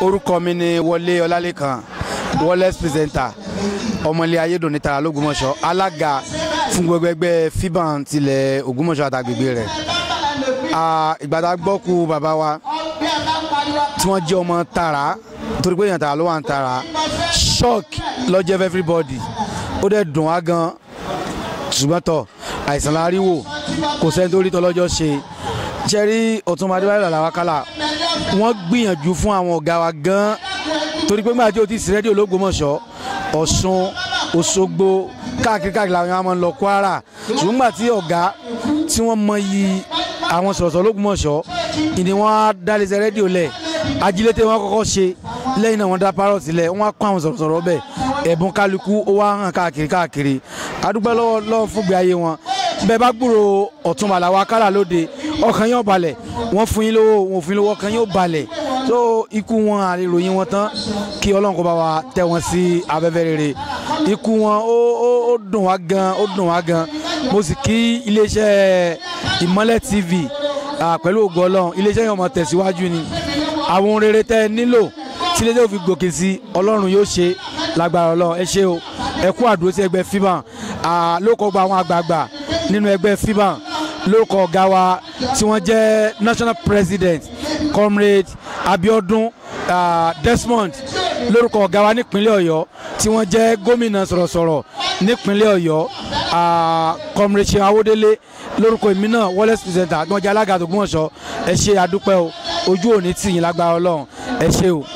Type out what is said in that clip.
orúkọ mi ni wọlé ọlálẹ́kan wọlẹ́s pírẹsẹ̀ntà ọmọlé ayédùnní tara lógúnmọ̀ṣọ́ alága fún gbogbo ẹgbẹ́ fiban tilẹ̀ ògúnmọ̀ṣọ́ àtàgbègbè rẹ̀ ìgbàdá gbọ́kú bàbá wa tí wọ́n jẹ́ ọmọ tara torí pé èèyàn ló wà ń tara shock lọ́jọ́ for everybody ó dẹ̀ dùn á gan ṣùgbọ́n tọ̀ àìsàn láríwò kò sẹ́ni tọ́lọ́jọ́ ṣe jẹ́rí Ọ̀túnba Adébáyọ̀ Làlá Àwàkálà wọ́n gbìyànjú fún àwọn ọ̀gá wa gan-an torí pé gbàdé o ti sí rédíò l'Ógbómọ̀ṣọ́ Ọ̀ṣun Òṣogbo káàkiri káàkiri làwọn máa ń lọ Kwara ṣùgbọ́n gbà tí ọ̀gá tí wọ́n mọyì àwọn sọ̀rọ̀sọ̀rọ̀ l'Ógbómọ̀ṣọ́ ìní wọn á dálẹ́sẹ̀ rédíò lẹ̀ ajílété wọn kọ́kọ́ ṣe lẹ́yìn náà wọ́n dá parọ́ sílẹ̀ wọ́n á kọ́ àwọn sọ̀rọ̀sọ̀rọ̀ bẹ́ẹ̀ ẹ̀bùn kálukú ó wá hàn káàkiri káàkiri adúpẹ́ lọ́wọ́ lọ́wọ́ fúngbẹ́ ayé wọn bẹ́ẹ̀ bá gbúrò Ọ̀túnba Àlàó Akálà lóde ọkàn yóò balẹ̀ wọ́n fún yín lówó wọ́n fún yín lówó ọkàn yóò balẹ̀ tó ikú wọn àríròyìn wọn tán kí Ọlọ́run kó bá wa tẹ́ wọn sí abẹ́fẹ́ rere ikú wọn ó ó ó dùn wá gan ó dùn wá gan mo sì kí iléeṣẹ́ Ìmọ́lẹ̀ TV pẹ̀lú ògo iléeṣẹ́ yẹn ó tẹ̀síwájú ni àwọn ohun rere tẹ́ ẹ nílò tí iléeṣẹ́ òfin gòkè sí Ọlọ́run yóò ṣe lágbára Ọlọ́run ẹ ṣé o ẹ kú àdúró sí ẹgbẹ́ fíbọn lóko gba àwọn àgbààgbà nínú ẹgbẹ́ fiban lórúkọ ọ̀gá wa tí wọ́n jẹ́ national president comrade Abiodun uh, Desmond lórúkọ ọ̀gá wa nípínlẹ̀ Ọ̀yọ́ tí wọ́n jẹ́ gómìnà sọ̀rọ̀sọ̀rọ̀ nípínlẹ̀ Ọ̀yọ́ uh, comrade Ṣeun Awodele lórúkọ èmi náà Wallace presenter àgbọ̀njẹ́ alága Ògbómọ̀ṣọ́ ẹ ṣe àdúpẹ́ o ojú òní tì lágbára Ọlọ́run ẹ ṣe o.